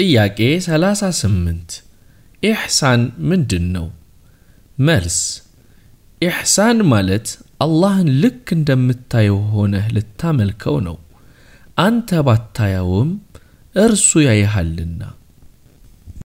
ጥያቄ 38 ኢሕሳን ምንድን ነው? መልስ ኢሕሳን ማለት አላህን ልክ እንደምታየው ሆነህ ልታመልከው ነው። አንተ ባታያውም እርሱ ያይሃልና።